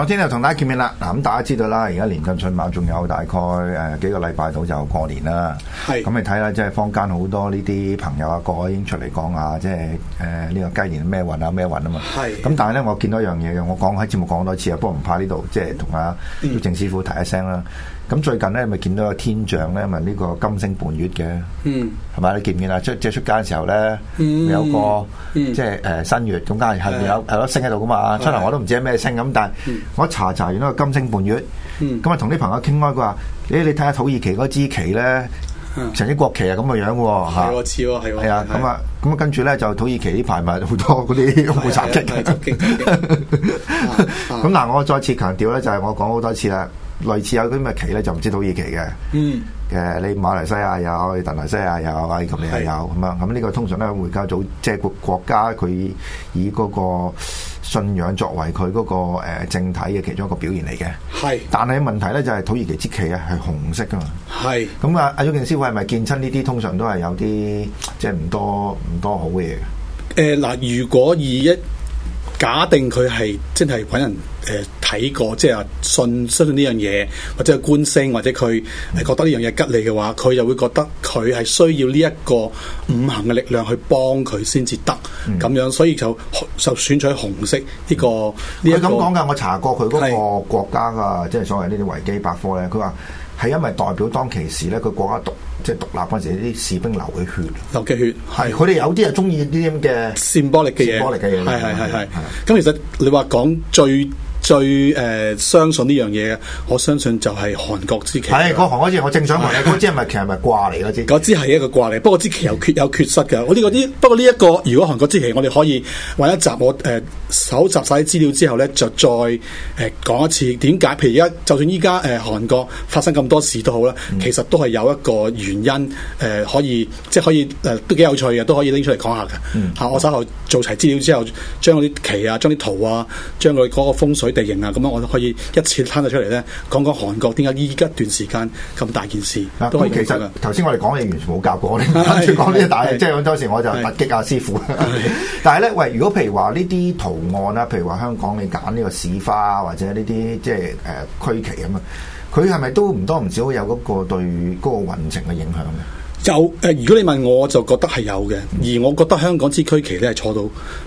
我今日同大家見面啦，嗱咁大家知道啦，而家年近春晚，仲有大概誒幾個禮拜度就過年啦。咁你睇啦，即係坊間好多呢啲朋友啊，個個已經出嚟講，呃這個、啊，即係誒呢個雞年咩運啊咩運啊嘛。係咁的，但係咧，我見到一樣嘢嘅，我講喺節目講多次啊，不過唔怕呢度，即係同阿毓証師傅提一聲啦。咁最近咧，咪見到個天象咧，咪呢個金星伴月嘅，嗯，係嘛？你見唔見啊？出即係出街嘅時候咧，的有個即係誒、呃、新月咁加，係咪的的有係咯星喺度噶嘛？出嚟我都唔知係咩星咁，但係我查查完呢個金星伴月，咁啊，同、嗯、啲朋友傾開，佢話：你睇下土耳其嗰支旗咧。成啲國旗、哦嗯、啊咁嘅樣喎，係喎似喎，係啊咁啊咁啊，啊，啊跟住咧就土耳其啲排埋好多嗰啲好雜，咁嗱、啊、我再次強調咧就係、是、我講好多次啦。類似有啲咩旗咧，就唔知土耳其嘅。嗯。誒，你馬來西亞有，你印尼西亞有，埃及又有咁啊！咁呢是個通常咧，回教組即係國國家，佢以嗰個信仰作為佢嗰，那個政、呃、體嘅其中一個表現嚟嘅。係是。但係問題咧，就係、是、土耳其支旗咧係紅色噶嘛。係、嗯。咁是啊，阿毓証師傅係咪見親呢啲通常都係有啲即係唔多唔多好嘅嘢？誒嗱、呃，如果二一。1, 1假定佢係真係揾人誒睇、呃、過，即係信相信呢樣嘢，或者係觀星，或者佢係覺得呢樣嘢吉利嘅話，佢、嗯、就會覺得佢係需要呢一個五行嘅力量去幫佢先至得咁樣，所以就就選取紅色呢、呢個。你咁講㗎，我查過佢嗰個國家㗎，是即係所謂呢啲維基百科咧，佢話係因為代表當其時咧，佢國家獨。即係獨立嗰陣時，啲士兵流嘅血，血，流嘅血係，佢哋是有啲又中意啲咁嘅 symbolic 嘅嘢，係係係係。咁其實你話講最。最誒、呃、相信呢樣嘢，我相信就係韓國之旗。係講、那個、韓國之旗，我正想問嘅嗰支咪其實咪卦嚟嗰支？嗰支係一個卦嚟，不過支旗有缺有缺失嘅。我呢、這個啲 不過呢一個，如果韓國之旗，我哋可以揾一集，我誒蒐、呃、集晒啲資料之後咧，就再誒、呃、講一次點解？譬如而家就算依家誒韓國發生咁多事都好啦，其實都係有一個原因誒、呃，可以即係可以誒都幾有趣嘅，都可以拎出嚟講,講下嘅。嚇、嗯，我稍後做齊資料之後，將嗰啲旗啊，將啲圖啊，將佢嗰個風水。地形啊，咁啊，我都可以一次攤咗出嚟咧，講講韓國點解依家段時間咁大件事、啊、都、啊、其實頭先我哋講嘢完全冇教過我哋講呢個，大，即係好多時我就突擊阿師傅。但係咧，喂，如果譬如話呢啲圖案啦，譬如話香港你揀呢個市花或者呢啲即係誒區旗咁啊，佢係咪都唔多唔少有嗰個對嗰個運程嘅影響咧？有誒、呃，如果你問我，我就覺得係有嘅，嗯、而我覺得香港之區旗咧係錯到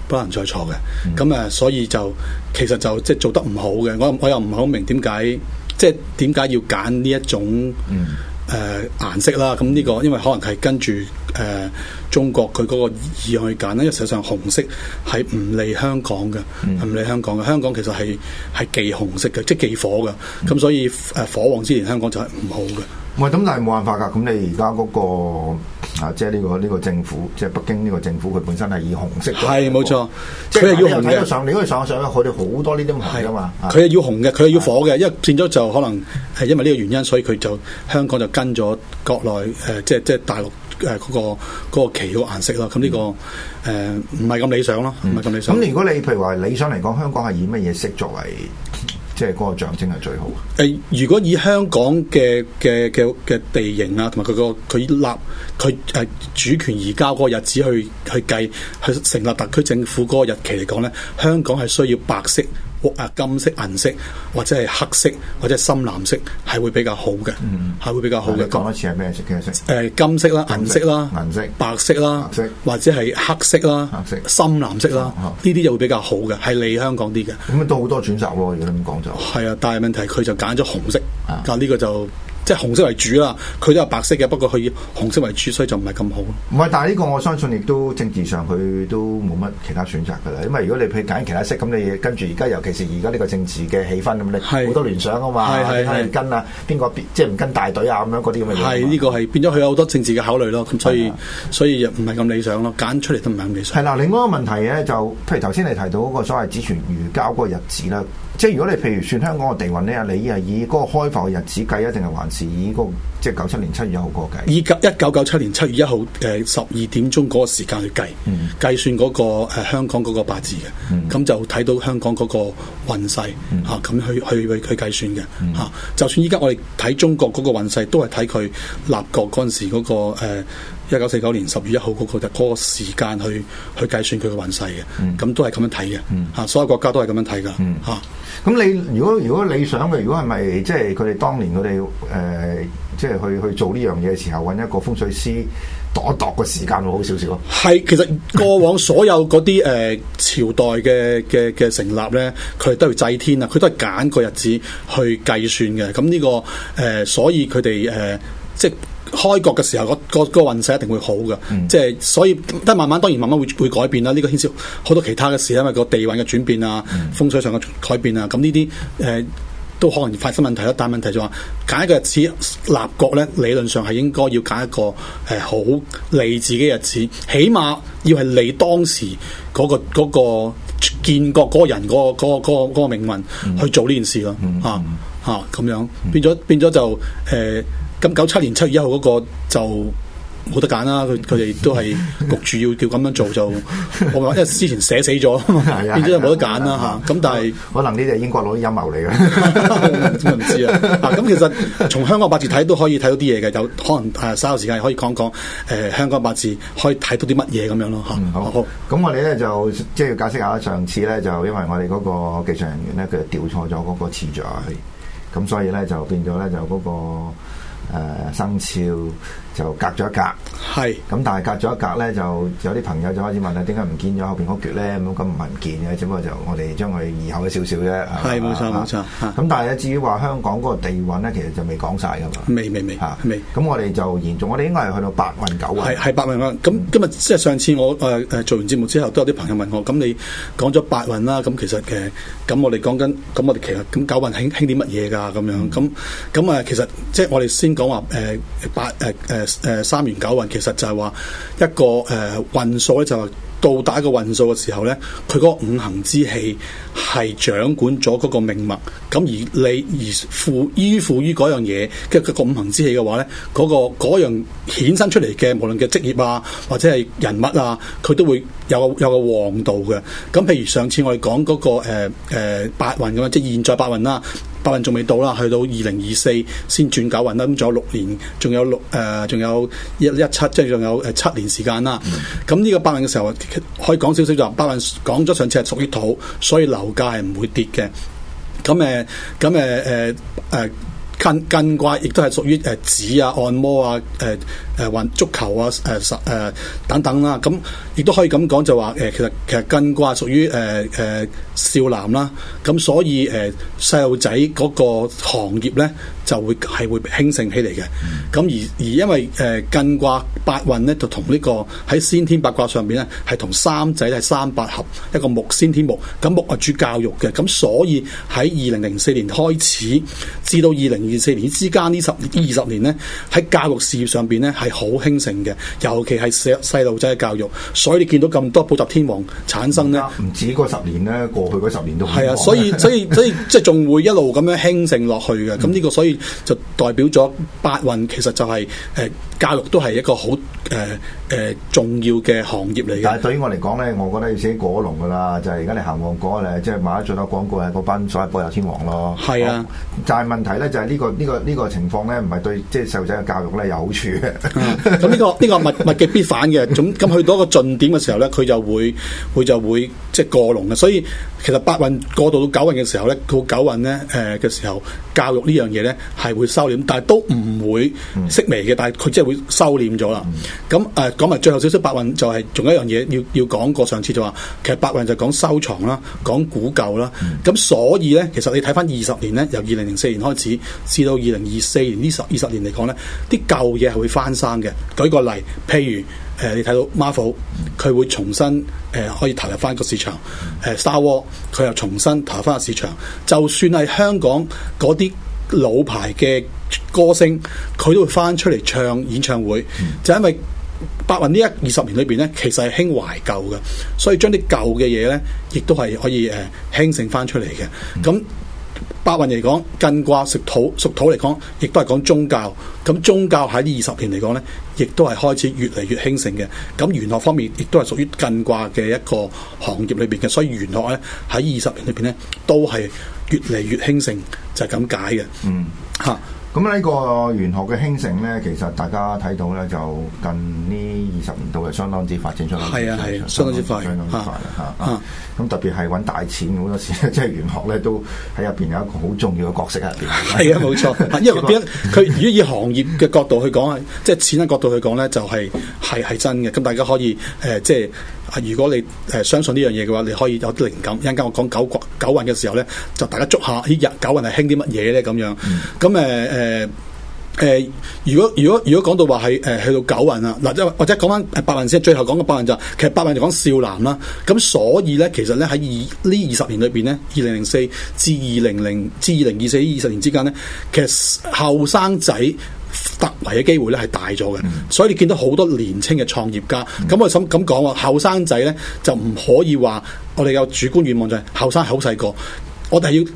不能再錯嘅，咁誒、嗯嗯，所以就其實就即係、就是、做得唔好嘅，我我又唔係好明點解，即係點解要揀呢一種誒、呃、顏色啦？咁呢個因為可能係跟住誒、呃、中國佢嗰個意去揀咧，因為實際上紅色係唔利香港嘅，唔利、嗯、香港嘅。香港其實係係忌紅色嘅，即、就、係、是、忌火嘅，咁、嗯嗯、所以誒、呃、火旺之前，香港就係唔好嘅。唔係，咁但係冇辦法㗎。咁你而家嗰個啊，即係呢個呢個政府，即係北京呢個政府，佢本身係以紅色。係，冇錯。即係要紅嘅，上年，你上上一年佢哋好多呢啲問題㗎嘛。佢係的的要紅嘅，佢係要火嘅，的因為變咗就可能係因為呢個原因，所以佢就香港就跟咗國內誒，即係即係大陸誒嗰個嗰個旗個顏色咯。咁呢個誒唔係咁理想咯，唔係咁理想。咁你如果你譬如話理想嚟講，香港係以乜嘢色作為？即係嗰個象徵係最好嘅。誒、呃，如果以香港嘅嘅嘅嘅地形啊，同埋佢個佢立佢誒主權移交嗰個日子去去計，去成立特區政府嗰個日期嚟講咧，香港係需要白色。啊，金色、銀色，或者係黑色或者深藍色係會比較好嘅，係、嗯、會比較好嘅。講一次係咩、呃、色？咩色？誒，金色啦，銀色啦，銀色白色啦，色或者係黑色啦，色深藍色啦，呢啲、啊啊、就會比較好嘅，係利香港啲嘅。咁啊，都好多選擇喎，而家咁講就。係啊，但係問題佢就揀咗紅色，但呢、啊啊呢個就。即係紅色為主啦、啊，佢都有白色嘅，不過佢以紅色為主，所以就唔係咁好。唔係，但係呢個我相信亦都政治上佢都冇乜其他選擇噶啦。因為如果你譬如揀其他色，咁你跟住而家，尤其是而家呢個政治嘅氣氛咁，你好多聯想啊嘛，你跟啊邊個，即係唔跟大隊啊咁樣嗰啲咁嘅。係呢、呢個係變咗佢有好多政治嘅考慮咯，咁所以的所以又唔係咁理想咯，揀出嚟,都唔係咁理想。係嗱，另外一個問題咧，就譬如頭先你提到嗰個所謂紙存遇交嗰個日子咧。即係如果你譬如算香港嘅地運咧，啊，你係，以嗰個開埠嘅日子計，一定係還是以、那個即係九七年七月一號過計。以一九九七年七月一號誒十二點鐘嗰個時間去計，計、嗯、算嗰、那個誒、呃、香港嗰個八字嘅，咁、嗯、就睇到香港嗰個運勢吓，咁、嗯啊、去去去計算嘅吓、嗯啊。就算依家我哋睇中國嗰個運勢，都係睇佢立國嗰陣時嗰、那個誒。呃一九四九年十月一號嗰個就嗰個時間去去計算佢嘅運勢嘅，咁、嗯、都係咁樣睇嘅，吓、嗯、所有國家都係咁樣睇噶，吓、嗯。咁、啊、你如果如果你想嘅，如果係咪即係佢哋當年佢哋誒，即、呃、係、就是、去去做呢樣嘢嘅時候，揾一個風水師度一度個時間，會好少少咯。係，其實過往所有嗰啲誒朝代嘅嘅嘅成立咧，佢哋都要祭天啊，佢都係揀個日子去計算嘅。咁呢、這個誒、呃，所以佢哋誒。呃呃即係開國嘅時候，嗰嗰嗰個運勢一定會好嘅。嗯、即係所以，但慢慢，當然慢慢會會改變啦。呢、這個牽涉好多其他嘅事，因為個地運嘅轉變啊，嗯、風水上嘅改變啊，咁呢啲誒都可能發生問題啦。但係問題就話、是，揀一個日子立國咧，理論上係應該要揀一個誒、呃、好利自己嘅日子，起碼要係你當時嗰、那個嗰、那個建、那個、國嗰、那個人嗰、那個嗰、那個、那個命運去做呢件事咯。啊啊咁樣變咗變咗就誒。呃呃咁九七年七月一號嗰個就冇得揀啦，佢佢哋都係焗住要叫咁樣做就， 我因為之前寫死咗嘛，變咗冇得揀啦吓。咁、 啊、但係 可能呢啲係英國佬啲陰謀嚟嘅，我唔知啊。咁其實從香港八字睇都可以睇到啲嘢嘅，有可能誒稍後時間可以講講誒香港八字可以睇到啲乜嘢咁樣咯吓。好，咁我哋咧就即、是、係要解釋下上次咧就因為我哋嗰個技術人員咧佢調錯咗嗰個次序，咁、 嗯、所以咧就變咗咧就嗰、那個。誒，生肖、uh。就隔咗一隔，係咁，但係隔咗一隔咧，就有啲朋友就開始問啦：點解唔見咗後邊嗰橛咧？咁咁唔係唔見嘅，只不過就我哋將佢移後咗少少啫。係冇錯冇錯。咁但係咧，至於話香港嗰個地運咧，其實就未講晒噶嘛。未未未未。咁我哋就延續，我哋應該係去到八運九運。係係八運啊！咁今日即係上次我誒誒做完節目之後，都有啲朋友問我：，咁你講咗八運啦，咁其實嘅咁我哋講緊，咁我哋其實咁九運興興啲乜嘢㗎？咁樣咁咁啊，其實即係我哋先講話誒八誒誒。誒三元九運其實就係話一個誒、呃、運數咧，就係到達一個運數嘅時候咧，佢嗰五行之氣係掌管咗嗰個命脈。咁而你而附依附於嗰樣嘢嘅、那個五行之氣嘅話咧，嗰、那個嗰樣衍生出嚟嘅，無論嘅職業啊，或者係人物啊，佢都會有有個旺度嘅。咁譬如上次我哋講嗰個誒誒、呃呃、八運咁啊，即係現在八運啦、啊。八運仲未到啦，去到二零二四先轉九運啦，咁仲有六年，仲有六誒、呃，仲有一一七，即係仲有誒七年時間啦。咁呢、mm. 個八運嘅時候，可以講少少就八運講咗上次係屬於土，所以樓價係唔會跌嘅。咁誒，咁誒，誒、呃，誒、呃。呃艮艮卦亦都係屬於誒指啊按摩啊誒誒運足球啊誒誒、啊啊、等等啦、啊，咁亦都可以咁講就話誒其實其實艮卦屬於誒誒少男啦，咁所以誒細路仔嗰個行業咧就會係會興盛起嚟嘅。咁、嗯、而而因為誒艮卦八運咧就同呢、這個喺先天八卦上邊咧，係同三仔係三八合一個木先天木，咁木係主教育嘅，咁所以喺二零零四年開始至到二零。二四年之間呢十、嗯、二十年呢，喺教育事業上邊呢，係好興盛嘅，尤其係細路仔嘅教育，所以你見到咁多補習天王產生呢，唔止嗰十年呢，過去嗰十年都係啊，所以所以所以，所以即係仲會一路咁樣興盛落去嘅，咁呢、嗯、個所以就代表咗八運其實就係、是、誒。呃教育都係一個好誒誒重要嘅行業嚟嘅。但係對於我嚟講咧，我覺得要寫過龍噶啦，就係而家你行旺角咧，即係買咗最多廣告嘅嗰班所謂補習天王咯。係啊，就係問題咧，這個這個這個，就係呢個呢個呢個情況咧，唔係對即係細路仔嘅教育咧有好處嘅。咁 呢、嗯嗯嗯，這個呢個物物極必反嘅，總咁去到一個盡點嘅時候咧，佢就會佢就會即係、就是、過龍嘅。所以其實八運過渡到九運嘅時候咧，佢九運咧誒嘅時候，呃、教育呢樣嘢咧係會收斂，但係都唔會式微嘅。但係佢即係會。嗯收斂咗啦，咁誒、呃、講埋最後少少，八運就係仲有一樣嘢要要講過上次就話，其實八運就講收藏啦，講古舊啦，咁所以呢，其實你睇翻二十年呢，由二零零四年開始，至到二零二四年呢十二十年嚟講呢，啲舊嘢係會翻生嘅。舉個例，譬如誒、呃、你睇到 Marvel，佢會重新誒、呃、可以投入翻個市場；誒 Star Wars，佢又重新投入翻個市場。就算係香港嗰啲老牌嘅。歌星佢都會翻出嚟唱演唱會，嗯、就因為八運呢一二十年裏邊呢，其實係興懷舊嘅，所以將啲舊嘅嘢呢，亦都係可以誒興、呃、盛翻出嚟嘅。咁八、嗯、運嚟講，艮卦屬土，屬土嚟講，亦都係講宗教。咁宗教喺二十年嚟講呢，亦都係開始越嚟越興盛嘅。咁玄學方面，亦都係屬於艮卦嘅一個行業裏邊嘅，所以玄學呢，喺二十年裏邊呢，都係越嚟越興盛，就係、是、咁解嘅。嗯，吓。咁呢個玄學嘅興盛咧，其實大家睇到咧，就近呢二十年度係相當之發展出嚟。係啊係啊，相當之快，相當之快啊！咁、啊啊啊啊、特別係揾大錢好多時，即、就、係、是、玄學咧都喺入邊有一個好重要嘅角色入邊。係啊，冇錯。因為點解佢如果以行業嘅角度去講啊，即係錢嘅角度去講咧，就係係係真嘅。咁大家可以誒、呃，即係如果你誒、呃、相信呢樣嘢嘅話，你可以有啲靈感。一陣間我講九九運嘅時候咧，就大家捉下呢日九運係興啲乜嘢咧咁樣。咁誒誒。呃呃誒誒、呃，如果如果如果講到話係誒去到九運啊，嗱、呃、即或者講翻誒八運先，最後講嘅八運就，其實八運就講少男啦。咁所以咧，其實咧喺二呢二十年裏邊咧，二零零四至二零零至二零二四呢二十年之間咧，其實後生仔突圍嘅機會咧係大咗嘅。Mm hmm. 所以你見到好多年青嘅創業家，咁、mm hmm. 我想咁咁講啊，後生仔咧就唔可以話我哋嘅主觀願望就係後生好細個，我哋要。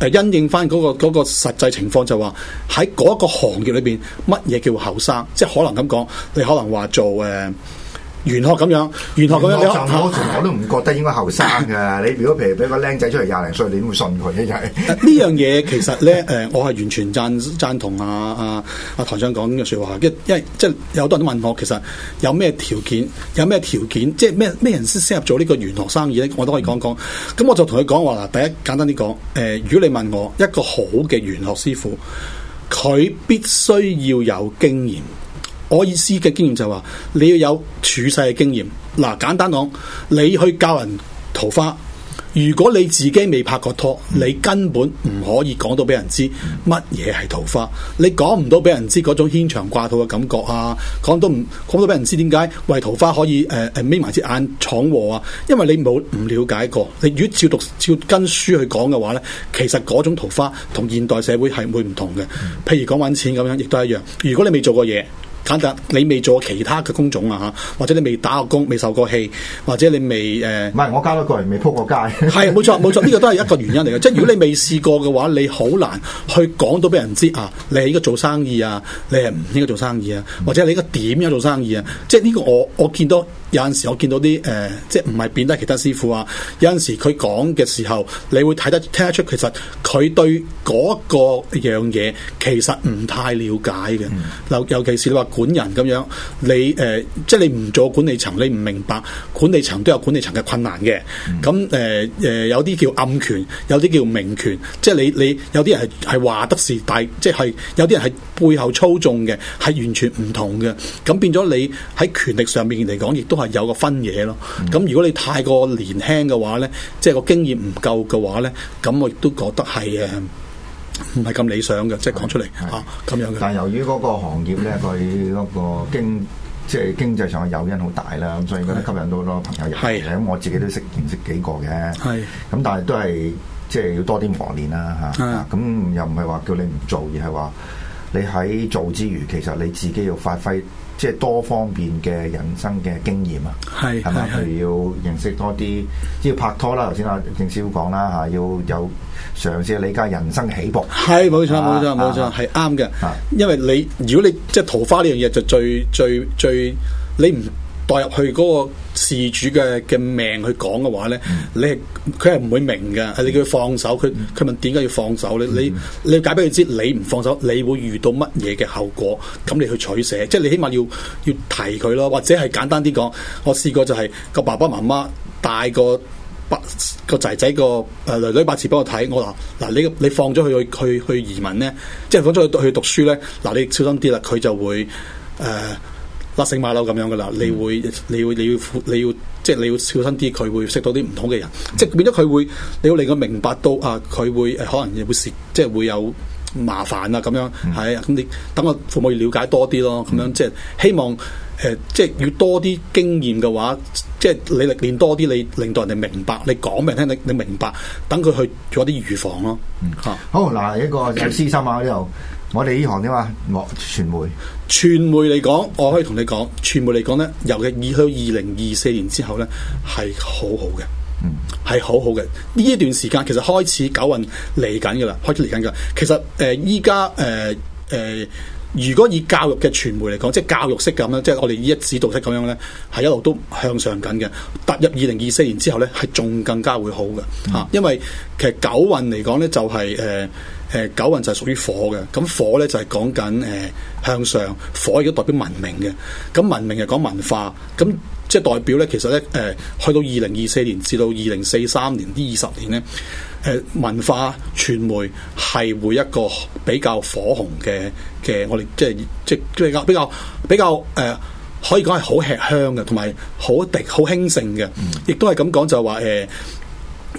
誒因應翻、嗰、嗰個嗰、嗰個實際情況就，就話喺嗰一個行業裏邊，乜嘢叫後生？即係可能咁講，你可能話做誒。呃玄學咁樣，玄學咁樣，我都唔覺得應該後生噶。你如果譬如俾個靚仔出嚟廿零歲，你點會信佢呢？就係、啊。呢樣嘢其實咧，誒、 呃，我係完全讚讚同阿阿阿台長講嘅說話。一因為即係有好多人都問我，其實有咩條件？有咩條件？即係咩咩人先適合做呢個玄學生意咧？我都可以講講。咁、嗯、我就同佢講話啦。第一，簡單啲講，誒、呃，如果你問我一個好嘅玄學師傅，佢必須要有經驗。我意思嘅經驗就係話，你要有處世嘅經驗。嗱，簡單講，你去教人桃花，如果你自己未拍過拖，你根本唔可以講到俾人知乜嘢係桃花。你講唔到俾人知嗰種牽腸掛肚嘅感覺啊，講到唔講到俾人知點解為，為桃花可以誒誒眯埋隻眼闖禍啊？因為你冇唔了解過，你越照讀照跟書去講嘅話咧，其實嗰種桃花同現代社會係會唔同嘅。譬如講揾錢咁樣，亦都一樣。如果你未做過嘢。簡單，你未做其他嘅工種啊吓，或者你未打過工，未受過氣，或者你未誒，唔、呃、係我交咗個人未仆過街。係， 冇錯冇錯，呢、這個都係一個原因嚟嘅。即係如果你未試過嘅話，你好難去講到俾人知啊，你係應該做生意啊，你係唔應該做生意啊，或者你應該點樣做生意啊？即係呢個我我見到。有陣時我見到啲誒、呃、即係唔係變得其他師傅啊？有陣時佢講嘅時候，你會睇得聽得出，其實佢對個樣嘢其實唔太了解嘅。嗱、嗯，尤其是你話管人咁樣，你誒、呃、即係你唔做管理層你唔明白管理層都有管理層嘅困難嘅。咁誒誒有啲叫暗權有啲叫明權，即係你你有啲人係係話得是，但即係有啲人係背後操縱嘅，係完全唔同嘅。咁變咗你喺權力上面嚟講亦都～係有個分野咯，咁、嗯、如果你太過年輕嘅話咧，即係個經驗唔夠嘅話咧，咁我亦都覺得係誒，唔係咁理想嘅，的即係講出嚟，吓，咁的、啊、樣嘅。但係由於嗰個行業咧，佢嗰個經即係經濟上嘅誘因好大啦，所以覺得吸引到好多朋友入嚟嘅，咁我自己都識認識幾個嘅，咁的但係都係即係要多啲磨練啦吓，咁的、啊、又唔係話叫你唔做，而係話。你喺做之餘，其實你自己要發揮，即係多方面嘅人生嘅經驗啊，係係咪？佢要認識多啲，即係拍拖啦。頭先阿証師傅講啦嚇、啊，要有嘗試理解人生嘅起步。係冇錯冇錯冇錯，係啱嘅。因為你如果你即係、就是、桃花呢樣嘢，就最最最，你唔代入去嗰、那個。事主嘅嘅命去講嘅話咧，嗯、你佢係唔會明嘅，係、嗯、你叫佢放手，佢佢、嗯、問點解要放手咧？你你解俾佢知，你唔放手，你會遇到乜嘢嘅後果？咁你去取捨，即係你起碼要要提佢咯，或者係簡單啲講，我試過就係、是、個爸爸媽媽帶個百個仔仔個女女八字俾我睇，我話嗱你你放咗佢去去去，去移民咧，即係放咗去去讀書咧，嗱你小心啲啦，佢就會誒。呃嗱，成馬騮咁樣噶啦，你會，你要，你要，你要，即係你要小心啲，佢會識到啲唔同嘅人，嗯、即係變咗佢會，你要令佢明白到啊，佢會可能會涉，即係會有麻煩啊咁樣，係、嗯，咁你、嗯、等我父母要了解多啲咯，咁樣即係希望誒、呃，即係要多啲經驗嘅話，即係你歷練多啲，你令到人哋明白，你講俾人聽，你你明白，等佢去做一啲預防咯。嗯，嗯好，嗱一個有私心啊又。嗯我哋呢行啫嘛，我傳媒。傳媒嚟講，我可以同你講，傳媒嚟講咧，尤其二去二零二四年之後咧，係好好嘅，嗯，係好好嘅。呢一段時間其實開始九運嚟緊噶啦，開始嚟緊噶。其實誒依家誒誒。呃如果以教育嘅傳媒嚟講，即係教育式咁呢，即係我哋以一指導式咁樣呢，係一路都向上緊嘅。踏入二零二四年之後呢，係仲更加會好嘅。吓、嗯，因為其實九運嚟講呢，呃呃、就係誒誒九運就係屬於火嘅。咁火呢就講，就係講緊誒向上，火亦都代表文明嘅。咁文明係講文化，咁即係代表呢，其實呢，誒、呃，去到二零二四年至到二零四三年呢二十年呢。誒文化傳媒係會一個比較火紅嘅嘅，我哋即係即係比較比較比較誒，可以講係好吃香嘅，同埋好滴好興盛嘅，亦都係咁講就係話誒，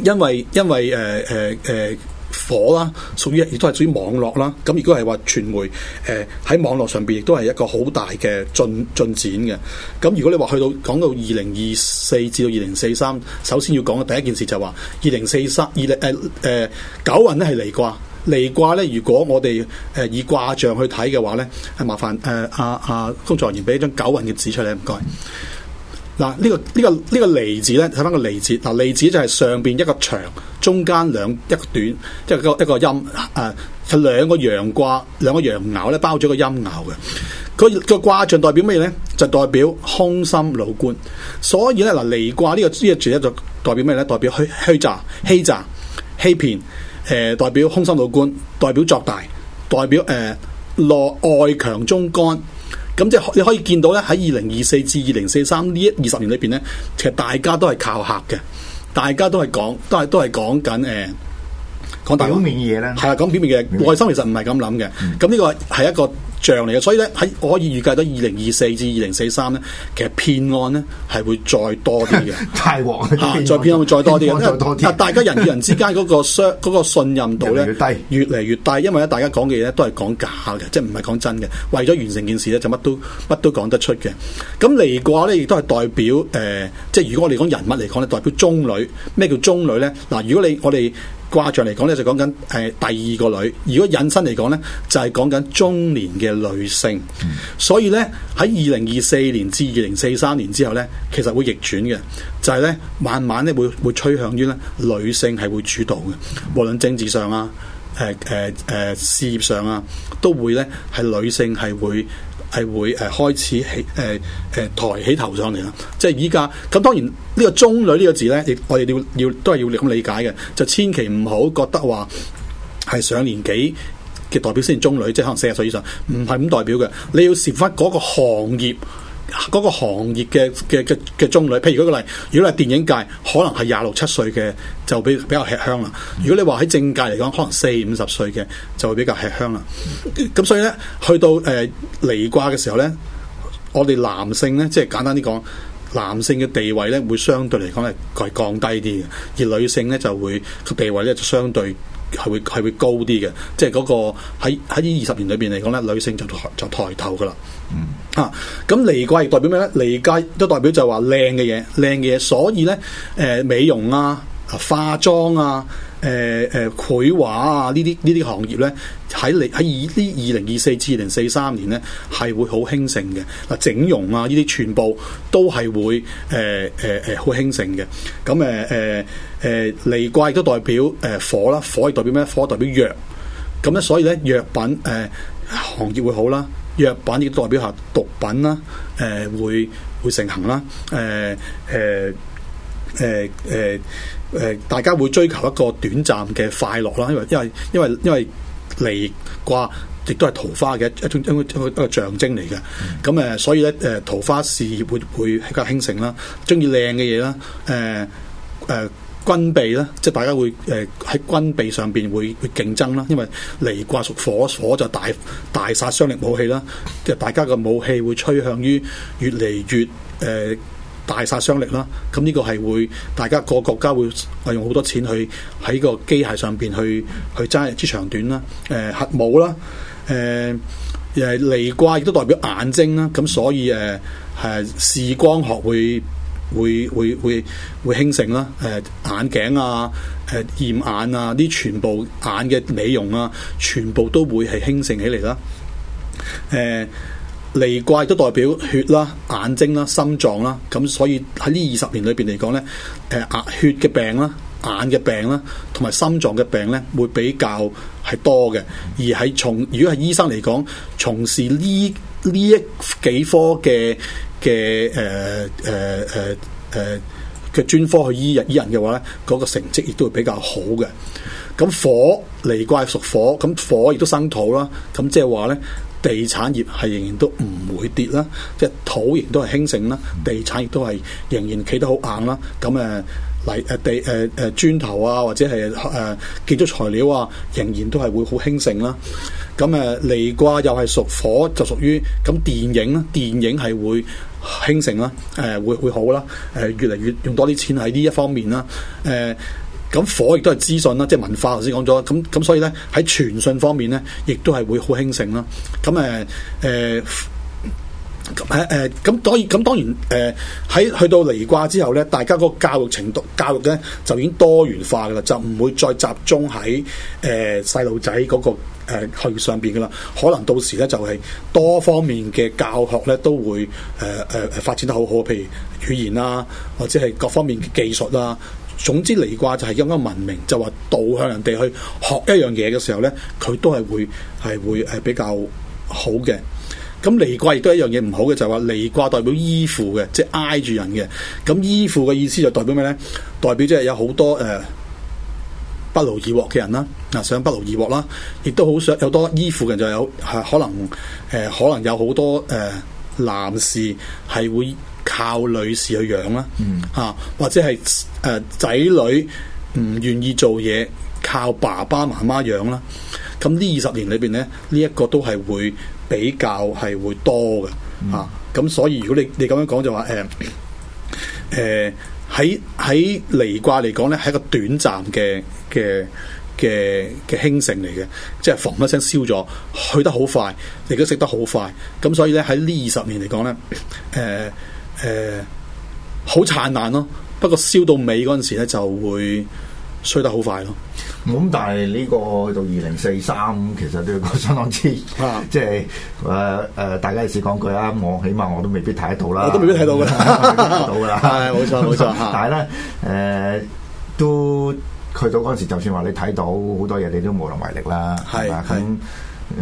因為因為誒誒誒。呃呃呃火啦，屬於亦都係屬於網絡啦。咁如果係話傳媒，誒、呃、喺網絡上邊亦都係一個好大嘅進進展嘅。咁如果你話去到講到二零二四至到二零四三，首先要講嘅第一件事就係話二零四三二零誒誒九運咧係離卦離卦咧。如果我哋誒、呃、以卦象去睇嘅話咧，誒麻煩誒阿阿工作人員俾張九運嘅紙出嚟，唔該。嗱，呢、這個呢、這個呢、這個這個離子咧，睇翻個離子。嗱，離子就係上邊一個長。中間兩一短，即係一個一個陰，誒、啊，係兩個陽卦，兩個陽爻咧包咗個陰爻嘅。個卦象代表咩咧？就代表空心老倌。所以咧嗱，離卦呢個呢、這個字咧就代表咩咧？代表虛虛詐、欺詐、欺騙。誒、呃，代表空心老倌，代表作大，代表誒，內外強中乾。咁即係你可以見到咧，喺二零二四至二零四三呢一二十年裏邊咧，其實大家都係靠客嘅。大家都係講，都係都係講緊誒。欸講表面嘢咧，係啊，講表面嘅。內面心其實唔係咁諗嘅。咁呢、嗯、個係一個象嚟嘅，所以咧喺我可以預計到二零二四至二零四三咧，其實騙案咧係會再多啲嘅，太旺再騙案會再多啲嘅，多因為 大家人與人之間嗰個相個信任度咧 越嚟越嚟大，因為咧大家講嘅嘢咧都係講假嘅，即係唔係講真嘅，為咗完成件事咧就乜都乜都講得出嘅。咁嚟嘅話咧，亦都係代表誒、呃，即係如果我哋講人物嚟講咧，代表中女。咩叫中女咧？嗱，如果你我哋。卦象嚟講咧就講緊誒第二個女，如果引申嚟講咧就係講緊中年嘅女性，所以咧喺二零二四年至二零四三年之後咧，其實會逆轉嘅，就係、是、咧慢慢咧會會趨向於咧女性係會主導嘅，無論政治上啊誒誒誒事業上啊，都會咧係女性係會。係會誒開始起誒誒、呃呃、抬起頭上嚟啦，即係依家咁。當然呢個中女呢個字咧，亦我哋要要都係要咁理解嘅，就千祈唔好覺得話係上年紀嘅代表先中女，即係可能四十歲以上，唔係咁代表嘅。你要視翻嗰個行業。嗰個行業嘅嘅嘅嘅中女，譬如嗰個例，如果你係電影界，可能係廿六七歲嘅就比比較吃香啦。嗯、如果你話喺政界嚟講，可能四五十歲嘅就會比較吃香啦。咁、嗯、所以咧，去到誒、呃、離卦嘅時候咧，我哋男性咧，即係簡單啲講，男性嘅地位咧會相對嚟講係係降低啲嘅，而女性咧就會地位咧就相對係會係會高啲嘅。即係嗰、嗰個喺喺呢二十年裏邊嚟講咧，女性就就抬，就抬頭噶啦。嗯。啊！咁離卦亦代表咩咧？離卦都代表就話靚嘅嘢、靚嘅嘢，所以咧，誒、呃，美容啊，化妝啊，誒、呃、誒，繪畫啊，呢啲呢啲行業咧，喺你喺呢二零二四至二零四三年咧，係會好興盛嘅。嗱，整容啊，呢啲全部都係會誒誒誒好興盛嘅。咁誒誒誒，離、呃、卦、呃、亦都代表誒火啦，火亦代表咩？火代表藥。咁咧，所以咧，藥品誒、呃、行業會好啦。藥品亦代表下毒品啦，誒、呃、會會盛行啦，誒誒誒誒誒，大家會追求一個短暫嘅快樂啦，因為因為因為因為離卦亦都係桃花嘅一種一個，一，個一個象徵嚟嘅，咁誒、嗯、所以咧誒桃花事業會會比較興盛啦，中意靚嘅嘢啦，誒、呃、誒。呃軍備啦，即係大家會誒喺、呃、軍備上邊會會競爭啦，因為離卦屬火，火就大大殺傷力武器啦，即係大家個武器會趨向於越嚟越誒、呃、大殺傷力啦。咁呢個係會大家個國家會用好多錢去喺個機械上邊去去爭一之長短啦。誒、呃、核武啦，誒誒離卦亦都代表眼睛啦，咁所以誒係視光學會。會會會會興盛啦！誒、呃、眼鏡啊、誒、呃、驗眼啊，啲全部眼嘅美容啊，全部都會係興盛起嚟啦！誒離卦都代表血啦、眼睛啦、心臟啦，咁、呃、所以喺呢二十年裏邊嚟講咧，誒、呃、血嘅病啦。眼嘅病啦，同埋心臟嘅病咧，會比較係多嘅。而喺從如果係醫生嚟講，從事呢呢一幾科嘅嘅誒誒誒誒嘅專科去醫人醫人嘅話咧，嗰、那個成績亦都會比較好嘅。咁火離卦屬火，咁火亦都生土啦。咁即係話咧，地產業係仍然都唔會跌啦，即係土亦都係興盛啦，地產亦都係仍然企得好硬啦。咁誒。呃嚟誒地誒誒磚頭啊，或者係誒、呃、建築材料啊，仍然都係會好興盛啦、啊。咁誒離卦又係屬火，就屬於咁電影啦，電影係會興盛啦、啊，誒、呃、會會好啦、啊，誒、呃、越嚟越用多啲錢喺呢一方面啦、啊。誒、呃、咁、嗯、火亦都係資訊啦，即係文化頭先講咗，咁、嗯、咁、嗯、所以咧喺傳訊方面咧，亦都係會好興盛啦、啊。咁誒誒。呃呃誒誒，咁、嗯嗯、當然，咁當然，誒喺去到離卦之後咧，大家嗰個教育程度、教育咧就已經多元化噶啦，就唔會再集中喺誒細路仔嗰個誒教育上邊噶啦。可能到時咧就係多方面嘅教學咧都會誒誒發展得好好，譬如語言啊，或者係各方面嘅技術啦。總之離卦就係咁樣文明，就話導向人哋去學一樣嘢嘅時候咧，佢都係會係會係比較好嘅。咁離卦亦都一樣嘢唔好嘅，就係話離卦代表依附嘅，即係挨住人嘅。咁依附嘅意思就代表咩咧？代表即係有好多誒、呃、不勞而獲嘅人啦，嗱想不勞而獲啦，亦都好想有多依附嘅人就有、啊、可能誒、呃，可能有好多誒、呃、男士係會靠女士去養啦，嗯、啊或者係誒仔女唔願意做嘢，靠爸爸媽媽養啦。咁呢二十年裏邊咧，呢、這、一個都係會，比較係會多嘅嚇，咁、嗯啊、所以如果你你咁樣講就話誒誒喺喺離卦嚟講咧，係一個短暫嘅嘅嘅嘅興盛嚟嘅，即係嘣一聲燒咗，去得好快，亦都熄得好快，咁所以咧喺呢二十年嚟講咧，誒誒好燦爛咯、哦，不過燒到尾嗰陣時咧就會。衰得好快咯！咁、嗯、但係呢、呢個去到二零四三，其實都相當之，即係誒誒，大家試講句啊！我起碼我都未必睇得到啦，啊、都未必睇到噶、啊、 啦，睇到噶啦，係冇錯冇錯。錯 但係咧誒，都去到嗰陣時，就算話你睇到好多嘢，你都無能為力啦。係係的。誒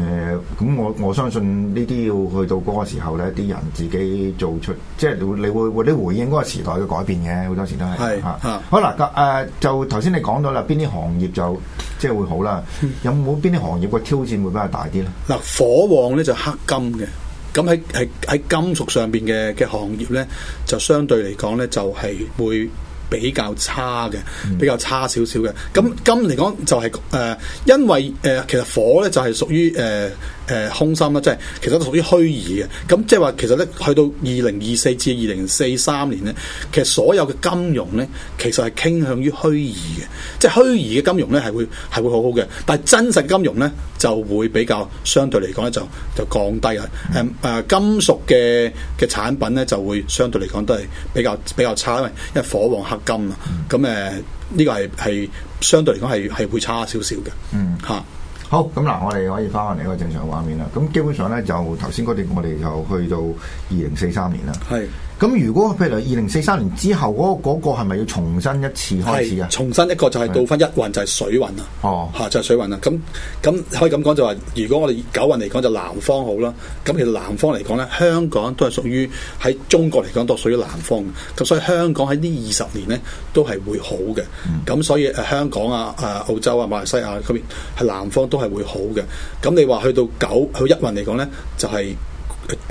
咁，呃、我我相信呢啲要去到嗰個時候咧，啲人自己做出，即係你會你會啲回應嗰個時代嘅改變嘅，好多時都係嚇。是啊、好嗱，誒、呃、就頭先你講到啦，邊啲行業就即係會好啦？有冇邊啲行業個挑戰會比較大啲咧？嗱、嗯，火旺咧就是、黑金嘅，咁喺喺喺金屬上邊嘅嘅行業咧，就相對嚟講咧就係、是、會比較差嘅，比較差少少嘅。咁今嚟講就係、是、誒、呃，因為誒、呃、其實火咧就係屬於誒誒、呃呃、空心啦，即係其實都屬於虛擬嘅。咁即係話其實咧去到二零二四至二零四三年咧，其實所有嘅金融咧，其實係傾向於虛擬嘅，即係虛擬嘅金融咧係會係會好好嘅，但係真實金融咧。就會比較相對嚟講咧，就就降低、嗯、啊！誒誒，金屬嘅嘅產品咧，就會相對嚟講都係比較比較差，因為因為火旺克金、嗯、啊！咁、這、誒、個，呢個係係相對嚟講係係會差少少嘅。嗯，嚇、啊，好，咁嗱，我哋可以翻返嚟一個正常畫面啦。咁基本上咧，就頭先嗰段我哋就去到二零四三年啦。係。咁如果譬如二零四三年之後嗰、嗰個係咪、嗰個、要重新一次開始啊？重新一個就係到返一運就係水運啦。哦，吓、啊，就係、係、水運啦。咁咁可以咁講就話，如果我哋九運嚟講就南方好啦。咁其實南方嚟講呢，香港都係屬於喺中國嚟講都屬於南方。咁所以香港喺呢二十年呢都係會好嘅。咁所以香港啊、啊、呃、澳洲啊、馬來西亞嗰邊係南方都係會好嘅。咁你話去到九去一,一運嚟講呢，就係、係。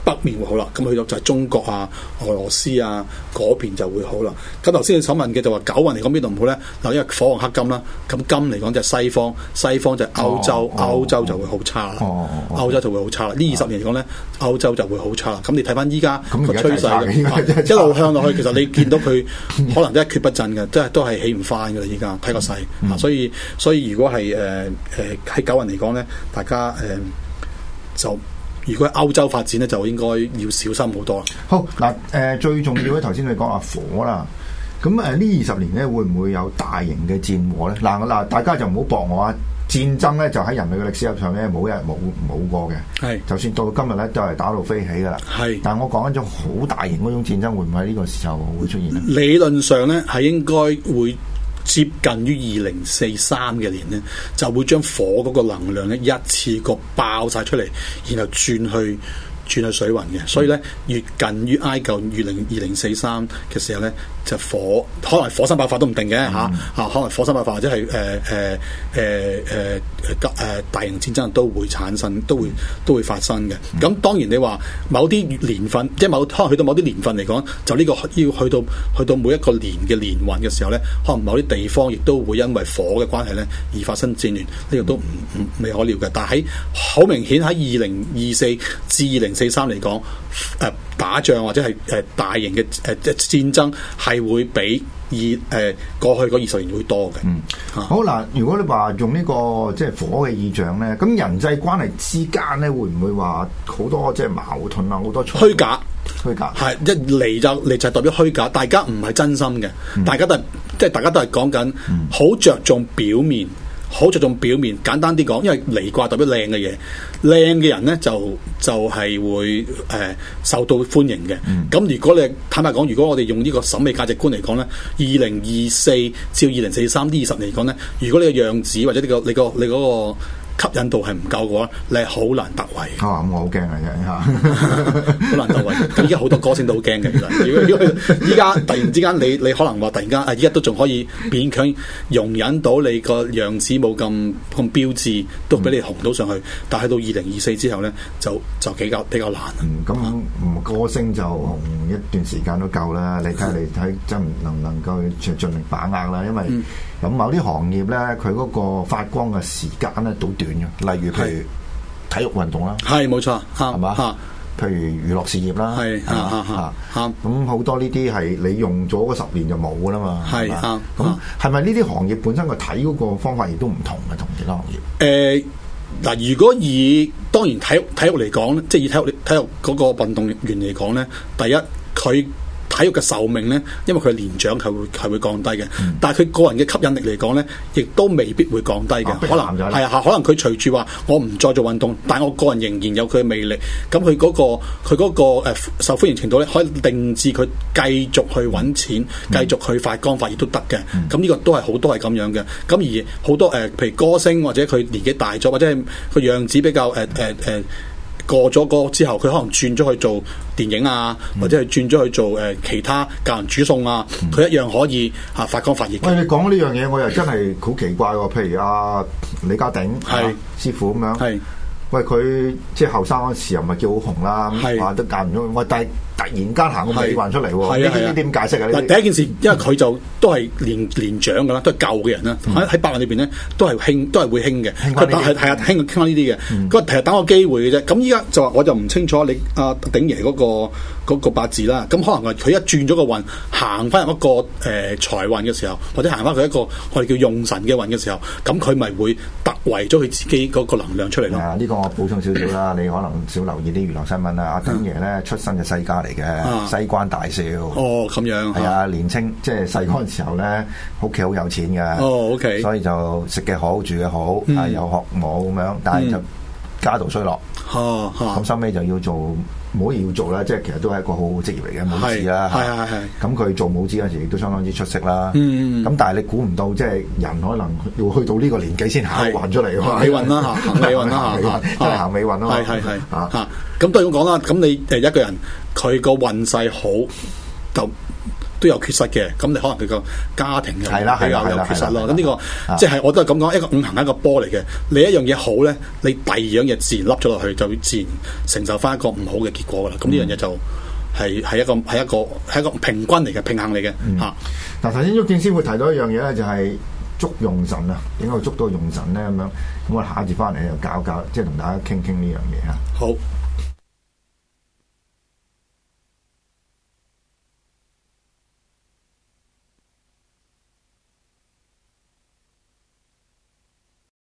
北面會好啦，咁去到就係中國啊、俄羅斯啊嗰邊就會好啦。咁頭先你所問嘅就話九運嚟講邊度唔好咧？嗱，因為火旺克金啦，咁金嚟講就係西方，西方就係歐洲，歐洲就會好差啦。歐洲就會好差啦。呢二十年嚟講咧，歐洲就會好差啦。咁你睇翻依家個趨勢，一路向落去，其實你見到佢可能都係一蹶不振嘅，即係都係起唔翻嘅啦。依家睇個勢，所以所以如果係誒誒喺九運嚟講咧，大家誒就。如果喺歐洲發展咧，就應該要小心好多。好、呃、嗱，誒最重要咧，頭先你講話火啦。咁誒呢二十年咧，會唔會有大型嘅戰禍咧？嗱、呃、嗱、呃，大家就唔好駁我啊！戰爭咧就喺人類嘅歷史入上面冇一日冇冇過嘅。係是，就算到今日咧，都係打到飛起噶啦。係是。但係我講一種好大型嗰種戰爭，會唔會喺呢個時候會出現咧？理論上咧係應該會。接近於二零四三嘅年呢，就會將火嗰個能量呢一次過爆晒出嚟，然後轉去，轉去水運嘅，所以咧越近於埃及二零二零四三嘅時候咧，就火可能火山爆發都唔定嘅嚇嚇，可能火山爆發或者係誒誒誒誒誒大型戰爭都會產生，都會都會發生嘅。咁當然你話某啲年份，即係某可能去到某啲年份嚟講，就呢個要去到去到每一個年嘅年運嘅時候咧，可能某啲地方亦都會因為火嘅關係咧而發生戰亂，呢個都唔唔未可料嘅。但係喺好明顯喺二零二四至二零四三嚟講，誒、呃，打仗或者係誒大型嘅誒戰爭，係會比二誒、呃、過去嗰二十年會多嘅、嗯。好嗱、呃，如果你話用、這個、呢個即係火嘅意象咧，咁人際關係之間咧會唔會話好多即係矛盾啊？好多虛假，虛假係一嚟就嚟就係、是、代表虛假，大家唔係真心嘅，大家都、嗯、即係大家都係講緊好着重表面。嗯好着重表面，簡單啲講，因為離卦特別靚嘅嘢，靚嘅人呢，就就係、是、會誒、呃、受到歡迎嘅。咁、嗯、如果你坦白講，如果我哋用呢個審美價值觀嚟講呢，二零二四至二零四三呢二十年嚟講呢，如果你嘅樣子或者你個你個你嗰個。吸引度係唔夠嘅話，你係好難得位。哦，咁我好驚嘅，嚇，好難得位。咁而家好多歌星都好驚嘅，其實。如果依家突然之間你，你你可能話突然間，啊，依家都仲可以勉強容忍到你個樣子冇咁咁標誌，都俾你紅到上去。嗯、但係到二零二四之後咧，就就比較比較難。咁樣唔歌星就紅、嗯、一段時間都夠啦。嗯、你睇嚟睇真能唔能夠盡力把握啦，因為。咁某啲行業咧，佢嗰個發光嘅時間咧，好短嘅。例如，譬如體育運動啦，係冇錯，係嘛，譬如娛樂事業啦，係啊啊啊啊。咁好多呢啲係你用咗個十年就冇噶啦嘛。係咁係咪呢啲行業本身個睇嗰個方法亦都唔同嘅？同其他行業。誒，嗱，如果以當然體育體育嚟講咧，即係以體育體育嗰個運動員嚟講咧，第一佢。體育嘅壽命呢，因為佢年長係會係會降低嘅，嗯、但係佢個人嘅吸引力嚟講呢，亦都未必會降低嘅，啊、可能係啊，可能佢隨住話我唔再做運動，但我個人仍然有佢嘅魅力，咁佢嗰個佢嗰、個、呃、受歡迎程度呢，可以定制佢繼續去揾錢，繼、嗯、續去發光發熱都得嘅。咁呢、嗯嗯、個都係好多係咁樣嘅。咁而好多誒、呃，譬如歌星或者佢年紀大咗，或者佢樣子比較誒誒、呃呃呃呃過咗嗰之後，佢可能轉咗去做電影啊，或者係轉咗去做誒、呃、其他教人煮餸啊，佢一樣可以嚇發光發熱。喂，你講呢樣嘢，我又真係好奇怪喎。譬如啊，李家鼎係、哎、師傅咁樣，係喂，佢即係後生嗰時又唔係叫好紅啦，啊係，都揀唔到。喂，但突然間行個氣運出嚟喎，呢啲呢啲點解釋？第一件事，因為佢就都係年年長噶啦，都係舊嘅人啦。喺喺八運裏邊咧，都係興，都係會興嘅。佢係係啊，興傾呢啲嘅。佢其實等個機會嘅啫。咁依家就話，我就唔清楚你阿鼎爺嗰個嗰個八字啦。咁可能佢一轉咗個運，行翻入一個誒財運嘅時候，或者行翻佢一個我哋叫用神嘅運嘅時候，咁佢咪會突圍咗佢自己嗰個能量出嚟咯？呢個我補充少少啦。你可能少留意啲娛樂新聞啦。阿鼎爺咧出身嘅世界，嚟嘅，西關大少哦，咁樣係的啊，年青即係細個時候咧，屋企好有錢嘅哦，OK，所以就食嘅好，住嘅好，嗯、啊，有學冇咁樣，但係就。嗯家道衰落，咁收尾就要做，冇嘢要做啦。即係其實都係一個好職業嚟,嘅舞子啦。係係係，咁佢做舞子嗰陣時亦都相當之出色啦。嗯嗯。咁但係你估唔到，即係人可能要去到呢個年紀先行運出嚟咯。尾運啦吓，尾運啦吓，都係行尾運咯。係係係。吓，咁都係咁講啦。咁你誒，一個人，佢個運勢好就。都有缺失嘅，咁你可能佢個家庭嘅啦，係啦，係啦，有缺失咯。咁呢個即係我都係咁講，一個五行係一個波嚟嘅。你一樣嘢好咧，你第二樣嘢自然笠咗落去，就會自然承受翻一個唔好嘅結果噶啦。咁呢樣嘢就係、是、係、嗯、一個係一個係一,一個平均嚟嘅平衡嚟嘅吓。嗱、嗯，頭先毓証師傅提到一樣嘢咧，就係捉用神啊，點解會捉到用神咧？咁樣咁我下一節翻嚟又搞搞，即係同大家傾傾呢樣嘢啊。好。